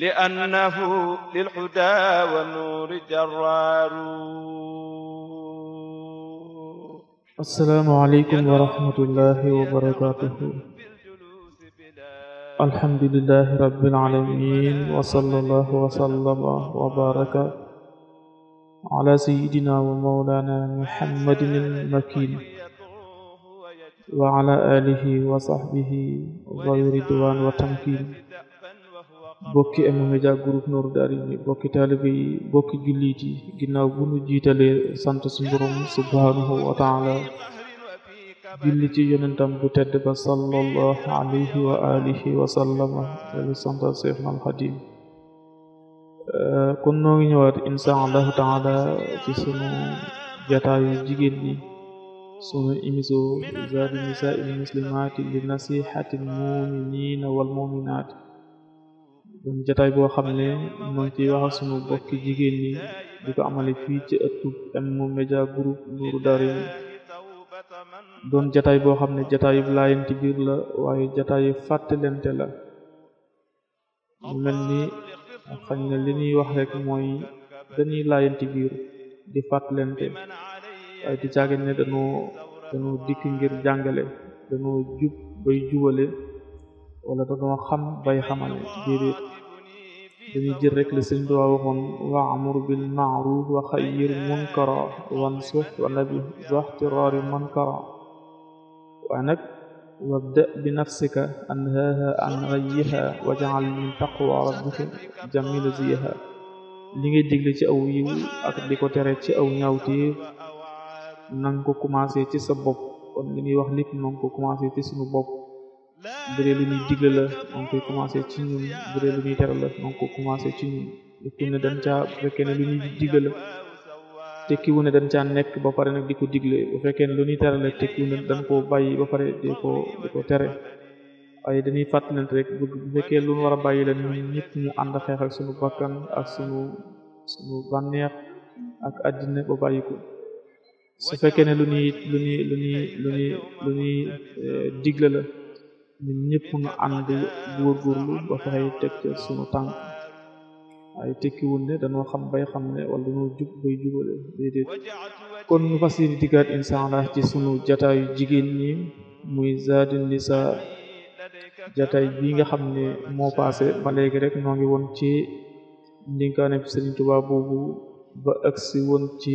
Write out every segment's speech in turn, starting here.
لأنه للحدى والنور جرار السلام عليكم ورحمة الله وبركاته الحمد لله رب العالمين وصلى الله وسلم وبارك على سيدنا ومولانا محمد المكين وعلى آله وصحبه ذوي الرضوان والتمكين bokki M-Media groupe Nour Daarayni bokki taalibe bokki jullit yi ginnaaw bu nu jiitalee sant suñu borom subhanahu wa taala julli ci yonentam bu tedd ba sallallahu alayhi wa alihi wa sallama delu santal Seexna al Xadim kon noo ngi ñëwaat insha allahu taala ci sunu jataayu jigéen sunu émission zaadu nisaa il muslimaati li nasihati al muminina wal doon jotaay boo xam ne moo ngi ciy wax bokki jigéen ñi di ko amale fii ci ëttu M Media Group Nourou Darayni doon jataay boo xam ne jotaayu laayanti biir la waaye jotaayu fàttalente la mu mel ni xañ na li ñuy wax rek mooy dañuy laayanti biir di fàttalente waaye di jàngale dañoo jub bay jubale wala dañoo xam bay xamale déedéet dañuy jël rek la sëñ Tuubaa waxoon waamur bil maaruf wa xayyir munkara wa nabi zaxtiraari munkara waaye nag wabda bi nafsika anhaaha an xayyiha wa jacal min taqwa rabbika jamila ziyaha li ngay digle ci aw ak di ko tere ci aw ñaawteef nanga ko commencé ci sa bopp kon li ñuy wax lépp nanga ko commencé ci suñu bopp bu dee lu ñuy digle la na nga koy commencé ci ñun bu dee lu ñuy teral la na nga ko commencé ci ñun tekki ne dañ caa bu fekkee ne lu ñuy digle la tekkiwu ne dañ caa nekk ba pare nag di ko digle bu fekkee ne lu ñuy teral la tekkiwu ne dañ koo bàyyi ba pare di ko di ko tere waaye dañuy fàttalante rek bu fekkee lu war a bàyyi la ñun ñëpp ñu ànd xeex ak suñu bakkan ak suñu suñu bànneex ak àddina ba bàyyi ko su fekkee ne lu ñuy lu ñuy lu ñuy lu ñuy lu ñuy digle la ñun ñëpp ñu ànd góorgóorlu ba fexe teg ca sunu tànk waaye tekkiwul ne dañoo xam bay xam ne wala dañoo jub bay jubale kon ñu fas yéene dikkaat insha ci sunu jataayu jigéen ñi muy zaadi nisa jataay bii nga xam ne moo paase ba léegi rek noo ngi woon ci ndinkaane bi Sëriñ Tuubaa ba agsi woon ci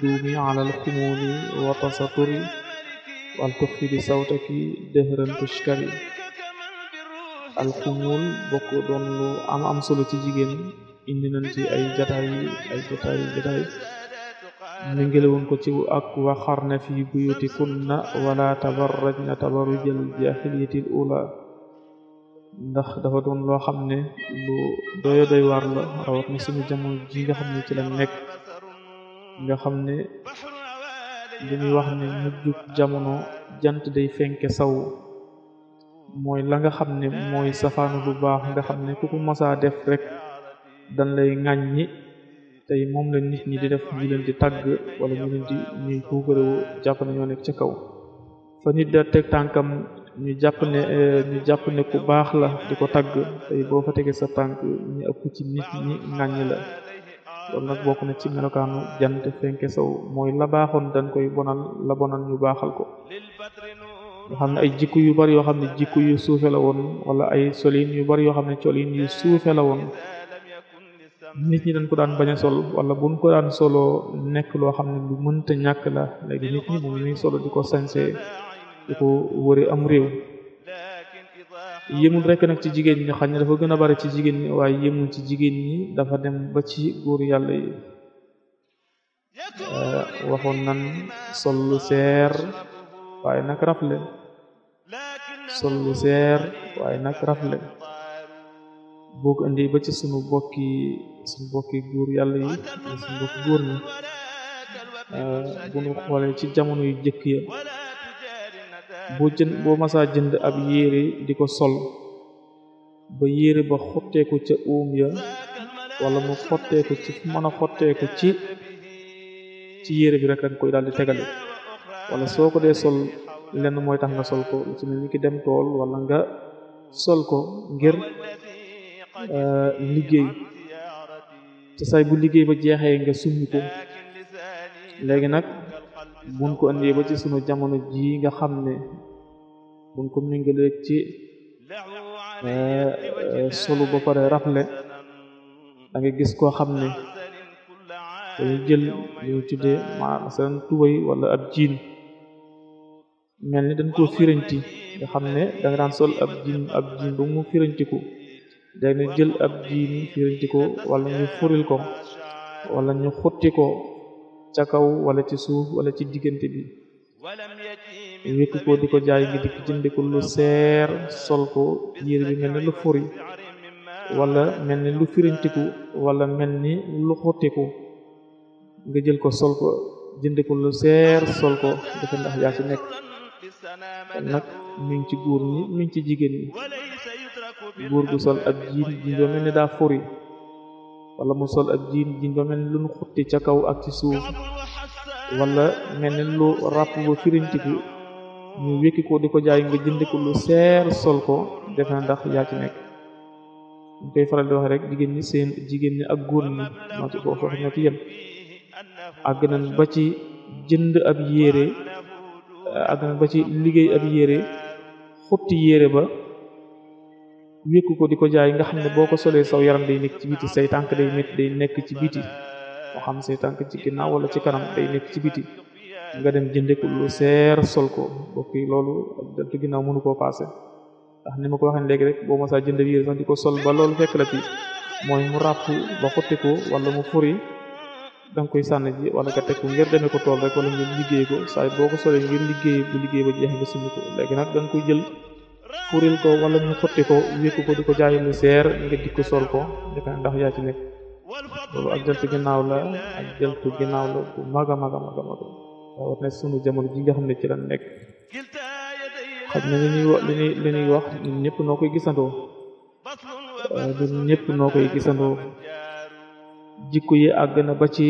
duumi alal xumuumi wa tasaturi وأن تخفي بصوتك دهرا تشكري alxumul bokk doon lu am am solo ci jigéen indi nañ ci ay jataay ay jataay jataay ñu ko ci ak waxarna fi buyutikunna wala tabarrajna tabarrujal jahiliyatil ula ndax dafa doon loo xam ne lu doyo doy waar la rawat na suñu jamono ji nga xam ne ci la nekk nga xam ne li muy wax ne mujjug jamono jant day fenke saw mooy la nga xam ne mooy safaanu bu baax nga xam ne ku ko masaa def rek dañ lay ñi tey moom la nit ñi di def ñu leen di tàgg wala ñu leen di ñuy kuukarewu jàpp ne ñoo nekk ca kaw fa nit da teg tànkam ñu jàpp ne eh, ñu jàpp ne ku baax la di ko tagg tey boo fa tegee sa tànk ñu ëpp ci nit ñi ŋàññi la loolu nag bokk na ci melokaanu jant fenke sow mooy la baaxoon dañ koy bonal la bonal ñu baaxal ko nga xam ne ay jikko yu bari yoo xam ne jikko yu suufe la woon wala ay solin yu bari yoo xam ne colin yu suufe la woon nit ñi dañ ko daan bañ a sol wala buñ ko daan soloo nekk loo xam ne lu mënta ñàkk la léegi nit ñi moom ñuy solo di ko sañsee di ko wëri am réew yëmul rek nag ci jigéen ñi xam ne dafa gën a bari ci jigéen ñi waaye yëmul ci jigéen ñi dafa dem ba ci góor yàlla yi eh, waxoon nan sol lu seer waaye nag rafle sol lu seer waaye nag rafle boo ko ba ci sunu bokki sunu bokki góor yàlla yi sunu bokki góor ñi eh, bu ñu xoolee ci jamono yu jëkk ya boo jën boo masaa jënd ab yéere di ko sol ba yére ba xotteeku ca uum ya wala mu xotteeku ci fu mën a xotteeku ci ci yére bi rek danga koy daal di tegale wala soo ko dee sol lenn mooy tax nga sol ko lu ci ki dem tool wala nga sol ko ngir euh, liggéey te say bu liggéey ba jeexee nga summi ko léegi nag buñ ko indee ba ci sunu jamono ji nga xam ne buñ ko méngalee ci eh, solu ba pare rafle da nga gis koo xam ne dañu jël ñu tuddee seen tubay wala ab jiin mel ni dañ koo firanti nga xam ne da nga daan sol ab jiin ba mu firantiku dañ jël ab jiin firanti ko wala ñu furil ko wala ñu xotti ko ca kaw walla ci suuf wala ci diggante bi wékk ko di ko jaay ngi dikk jënd ko lu seer sol ko mel ni lu fori wala mel ni lu firintiku wala mel ni lu xottiku nga jël ko sol ko jënd ko lu seer sol ko dafa ndax yaa ci nekk nag mi ngi ci góor ñi mi ngi ci jigéen ñi góor gu sol ab jiin ji doo mel ni daa fori wala mu sol ab jiin jiin ba mel ni lu xutti ca kaw ak ci suuf wala mel ni lu ràpp ba firintiku ñu wékki ko di ko jaay nga jënd ko lu seer sol ko defe ndax yaa ci nekk ñu koy faral di wax rek jigéen ñi seen jigéen ñi ak góor ñi moo ñoo ci yem àgg ba ci jënd ab yére àgg ba ci liggéey ab yére xutti yére ba wékku ko di ko jaay nga xam ne boo ko solee saw yaram day nekk ci biti say tànk day métti day nekk ci biti moo xam sey tànk ci ginnaaw wala ci kanam day nekk ci biti nga dem jënde ko lu seer sol ko bokki loolu ak jant mënu koo paase ndax ni ma ko waxee léegi boo ma saa jënd yére sax di ko sol ba loolu fekk la ci mu ràpp ba xotti ko wala mu furi da nga koy sànni ji wala nga ko ngir demee ko tool rek wala ngeen liggéey ko saa boo ko solee ngir liggéey bu liggéey ba jeex nga summi léegi nag da nga koy jël furil ko wala ñu xotti ko wékku ko di ko jaay seer nga dikk sol ko dika ndax yaa ci nekk loolu ak deltu ginnaaw la ak deltu ginnaaw la bu mag a mag a mag a mag sunu jamono ji nga xam ci la nekk na li ñuy ñuy wax ñëpp noo koy gisandoo ñun ñëpp noo koy gisandoo jikko yi àgg na ba ci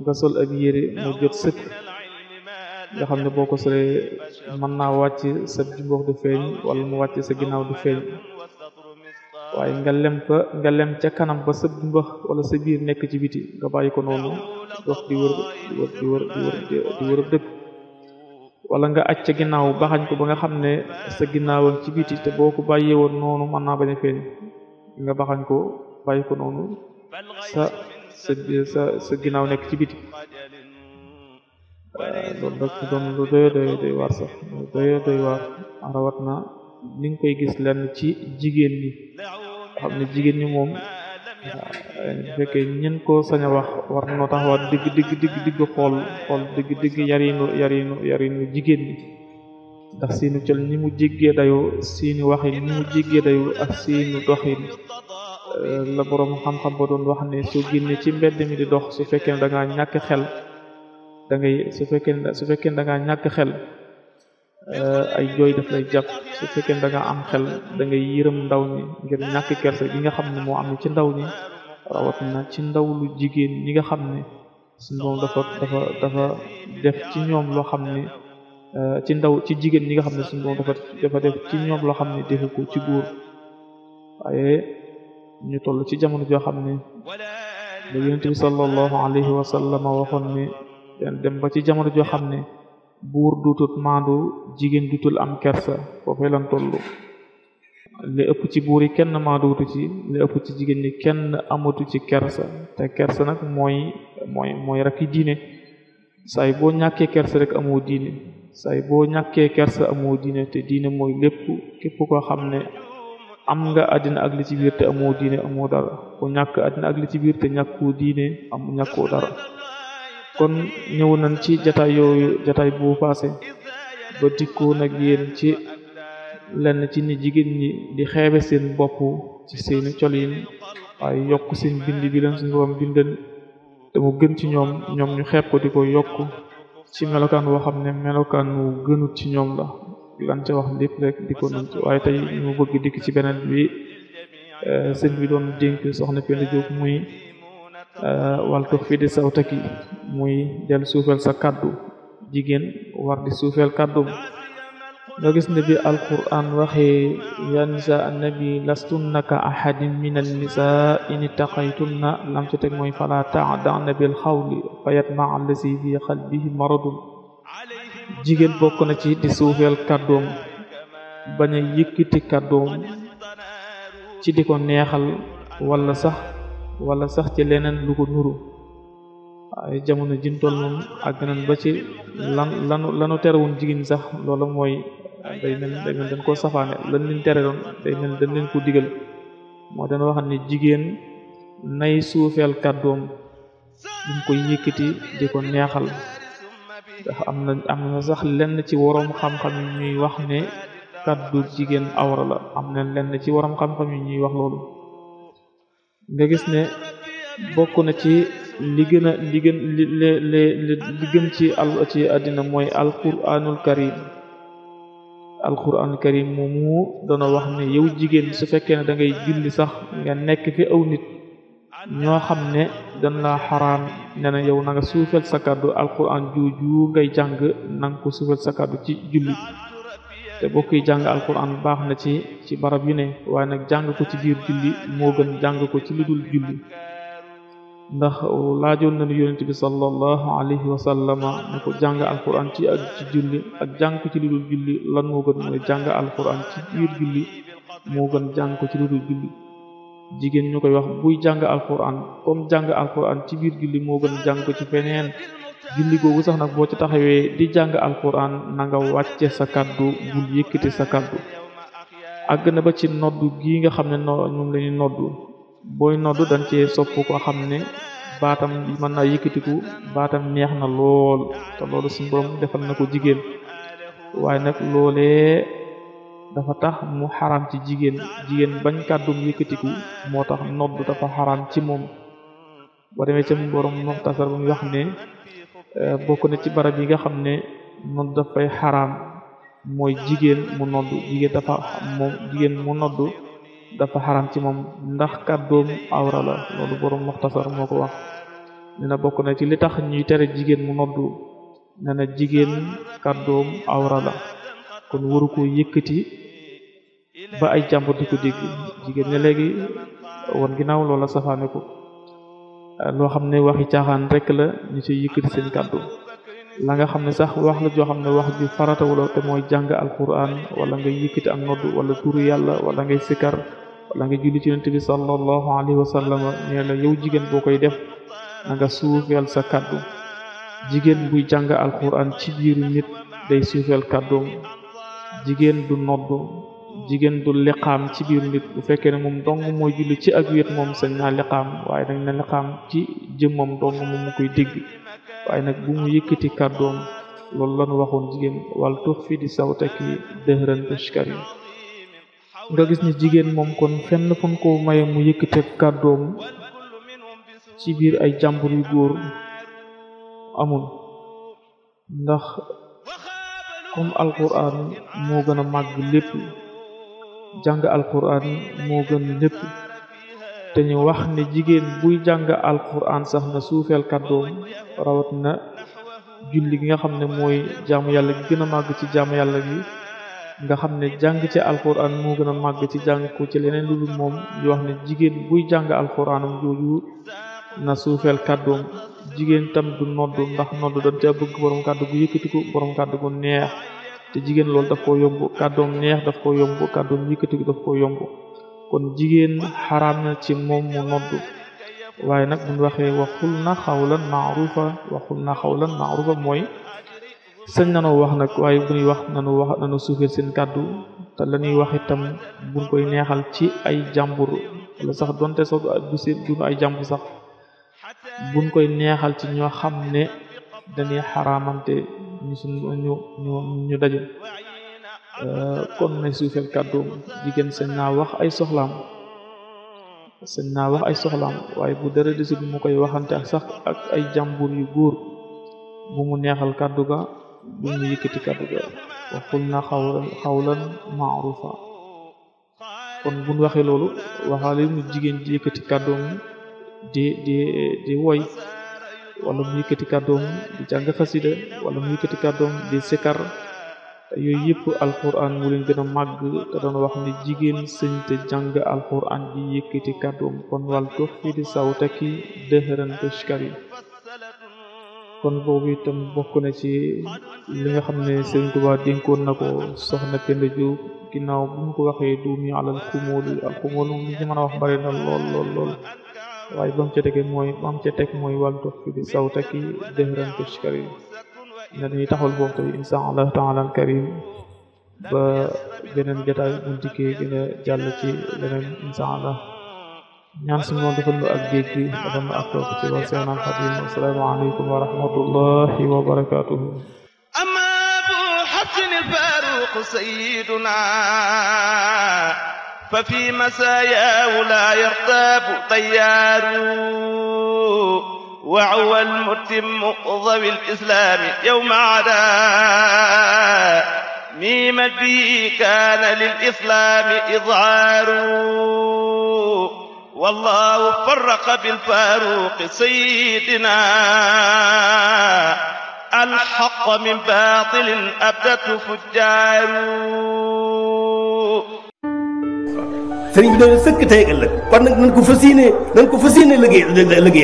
nga sol ab yére mu jot sëkk nga xam ne boo ko solee mën naa wàcc sa jumboox du feeñ wala mu wàcc sa ginnaaw du feeñ waaye nga lem ko nga lem ca kanam ba sa jumbax wala sa biir nekk ci biti nga bàyyi ko noonu dox di wër wala nga aj ca ginnaaw baxañ ko ba nga xam ne sa ginnaaw ci biti te boo ko bàyyee woon noonu man naa bañ a feeñ nga baxañ ko bàyyi ko noonu sa sa sa ginnaaw nekk ci biti loolu daf ci doon lu doy waar sax lu doy waar rawat na ni nga koy gis lenn ci jigéen ñi xam ne jigéen ñi moom bu fekkee ñen ko sañ a wax war noo taxawaat digg digg digg digg xool xool digg digg yarinu yarinu yarinu jigéen ñi ndax seeni col ni mu jéggee dayoo seeni waxin ni mu jéggee dayoo ak seeni doxin la borom xam-xam ba doon wax ne soo génnee ci mbedd mi di dox su fekkee ne da ñàkk xel da ngay su fekkee su fekkee da ngaa ñàkk xel euh, ay jooy daf lay jàpp su fekkee da ngaa am xel da ngay yërëm ndaw ñi ngir ñàkk kersa gi nga xam ne moo am ci ndaw ñi rawatina ci ndaw lu jigéen ñi nga xam ne suñu moom dafa dafa def ci ñoom loo xam ne euh, ci ndaw ci jigéen ñi nga xam ne suñu moom dafa ci ñoom loo xam ne defe ko ci góor waaye ñu toll ci jamono joo xam ne da yonent bi sallallahu alayhi wa waxoon ne dem ba ci jamono joo xam ne buur duutut maandu jigéen duutul am kersa foofee lan tollu ëpp ci buur yi kenn maanduutu ci li ëpp ci jigéen ñi kenn amatu ci kersa te kersa nag mooy mooy mooy rakki diine saay boo ñàkkee kersa rek amoo diine saay boo ñàkkee kersa amoo diine te diine mooy lépp képp koo xam ne am nga àddina ak li ci biir te amoo diine amoo dara ku ñàkk ak li ci biir te ñàkkoo diine am ñàkkoo dara kon ñëw nañ ci jataay yooyu jataay bu passé ba dikkoon ak yéen ci lenn ci ni jigéen ñi di xeebe seen bopp ci seeni colin waaye yokk seen bind bi leen suñu borom bindan te mu gën ci ñoom ñoom ñu xeeb ko di ko yokk ci melokaan woo xam ne melokaan wu gënut ci ñoom la lan ca wax lépp rek di ko nañ ci waaye tey ñu bëgg dikk ci beneen bi eh, sëñ bi doon dénk soxna Penda muy Euh, wal tux fi sawtaki muy del suufel sa kàddu jigéen war di suufel kaddum nga gis ne bi alquran waxee ya nisa annabi lastun naka ahadin min annisa in ittaqaytunna lam ca teg mooy fala ta'danna bil xawli fa yatma'a allazi fi qalbihi maradun jigéen bokk na ci di suufeel kaddoom bañ a yëkkati ci di ko neexal wala sax wala sax ci leneen lu ko nuru ay jamono jin moom ak nañ ba ci lan lanu tere woon jigéen sax loola mooy day mel day dañ koo safaane lañ leen tere doon day dañ leen ko diggal moo dana wax ni jigéen nay suufeel kàddoom duñ ko yëkkati di ko neexal ndax am na am sax lenn ci waroom xam-xam yi ñuy wax ne kàddu jigéen awra la am na lenn ci waroom xam-xam yi ñuy wax loolu nga gis ne bokk na ci li gën a li gën li li li gën ci al ci àddina mooy alquranul karim alquranul karim moomu dana wax ne yow jigéen su fekkee ne dangay ngay julli sax nga nekk fi aw nit ñoo xam ne dañ la xaraan ne na yow na nga sa kàddu alquran jooju ngay jàng na nga ko suufel sa kàddu ci julli te bokk yi jàng alquran baax na ci ci barab yi ne waaye nag jàng ko ci biir julli moo gën jàng ko ci lu dul julli ndax laajoon nañu yonent bi sallallahu alayhi wa sallama ne ko jàng alquran ci ak ci julli ak jàng ci lu dul julli lan moo gën mooy jàng alquran ci biir julli moo gën jàng ko ci lu dul julli jigéen ñu koy wax buy jàng alquran comme jàng alquran ci biir julli moo gën jàng ko ci feneen julli bu sax nag boo ci taxawee di jàng alquran na nga wàcce sa kaddu bul yëkkati sa kaddu àgg na ba ci noddu gi nga xam ne no ñoom la ñuy noddu booy noddu dañ cee sopp ko xam ne baatam mën naa yëkkatiku baatam neex na lool te loolu suñu borom defal na ko jigéen waaye nag loolee dafa tax mu xaram ci jigéen jigéen bañ kàddum yëkkatiku moo tax noddu dafa xaram ci moom boo demee ca borom moxtasar bu mu wax ne Euh, bokk na ci barab yi nga xam ne nodd dafay xaraam mooy jigéen mu nodd jigéen dafa moom jigéen mu nodd dafa xaram ci moom ndax kàddoom awra la loolu boroom muxtasar moo ko wax nee na bokk na ci li tax ñuy tere jigéen mu nodd nee na jigéen kàddoom awra la kon waru ko yëkkati ba ay jàmbur di ko jigéen ne léegi woon ginnaaw loola safaane ko loo xam ne waxi caaxaan rek la ñu ci yëkkati seen kàddu la nga xam ne sax wax la joo xam ne wax bi faratawula te mooy jàng alquran wala nga yëkkati ak nodd wala turu yàlla wala ngay sikar wala nga julli ci yonent bi sallallahu alayhi wa sallam nee la yow jigéen boo koy def na nga suufeel sa kàddu jigéen buy jàng alquran ci biiru nit day suufeel kàddoom jigéen du nodd jigéen du liqaam ci biir nit bu fekkee ne moom dong mooy julli ci ak wéet moom sañ naa liqaam waaye dañ ne liqaam ci jëmmam dong moom mu koy dégg waaye nag bu mu yëkkati kàddoom loolu lan waxoon jigéen wal tux fi di sawtaki dëhëran tashkar yi nga gis ni jigéen moom kon fenn fan maye mu yëkkati kàddoom ci biir ay jàmbur yu góor amul ndax comme alquran moo gën a màgg lépp jàng alquran moo gën lépp te ñu wax ne jigéen buy jàng alquran sax na suufeel kàddoom rawat na julli gi nga xam ne mooy jaamu yàlla gi gën a màgg ci jaamu yàlla gi nga xam ne jàng ci alquran moo gën a màgg ci jàng ko ci leneen lu dul moom ñu wax ne jigéen buy jàng alquranam jooju na suufeel kàddoom jigéen tam du nodd ndax nodd doon bëgg borom kàddu gu yëkkati ko borom gu neex te jigéen lool daf ko yomb kàddoom neex daf koo yomb kàddoom yëkkati daf koo yomb kon jigéen xaraam na ci moom mu noddu waaye nag buñ waxee waxul na xawlan maarufa waxul na xawlan maarufa mooy sañ nanoo wax nag waaye bu ñuy wax nanu wax nanu suufeel seen kàddu te la ñuy wax itam buñ koy neexal ci ay jàmbur la sax donte sax du ay jàmbur sax buñ koy neexal ci ñoo xam ne dañuy xaraamante ñu suñ ñu ñu ñu daje euh, kon nañ suufeel kàddoom jigéen sañ naa wax ay soxlaam sañ naa wax ay soxlaam waaye bu dara desul mu koy waxante ak sax ak ay jàmbur yu góor bu mu neexal kàddu ga bu mu yëkkati kàddu waxul na xawlan xawlan maarufa kon buñ waxee loolu waxaale mu jigéen ji yëkkati kàddoom di di woy wala mu yëkkati kàddoom di jàng xasida wala mu yëkkati kàddoom di sikar yooyu yëpp alquran mu leen gën màgg te doon wax ne jigéen sëñ te jàng alquran di yëkkati kàddoom kon wal tuxfi di sawtaki dëhëran tashkari kon boobu itam bokk na ci li nga xam ne sëñ Tuubaa dénkoon na ko soxna Penda Juuf ginnaaw bu mu ko waxee duumi alal xumóol alxumóol mu ci mën a wax bari na lool lool lool waaye bam ca tege mooy bam ca teg mooy wàllu fi bi sawtaki dëhran tushkari ne dañuy taxal foofu tey insha allah taala al karim ba beneen jotaay mun dikkee gën a jàll ci leneen insha allah ñaan suñu moom defal nu ak géej gi defal nu ak toog ci wa seenal xadim ففي مساياه لا يرتاب طيار وعوى المتم ضوي الإسلام يوم عدا ميم به كان للإسلام إظهار والله فرق بالفاروق سيدنا الحق من باطل أبدته فجار sëriñ bi de sëkk tey ak ëllëg kon nag nañ ko fas yéenee nañ ko fas yéenee liggéey liggéey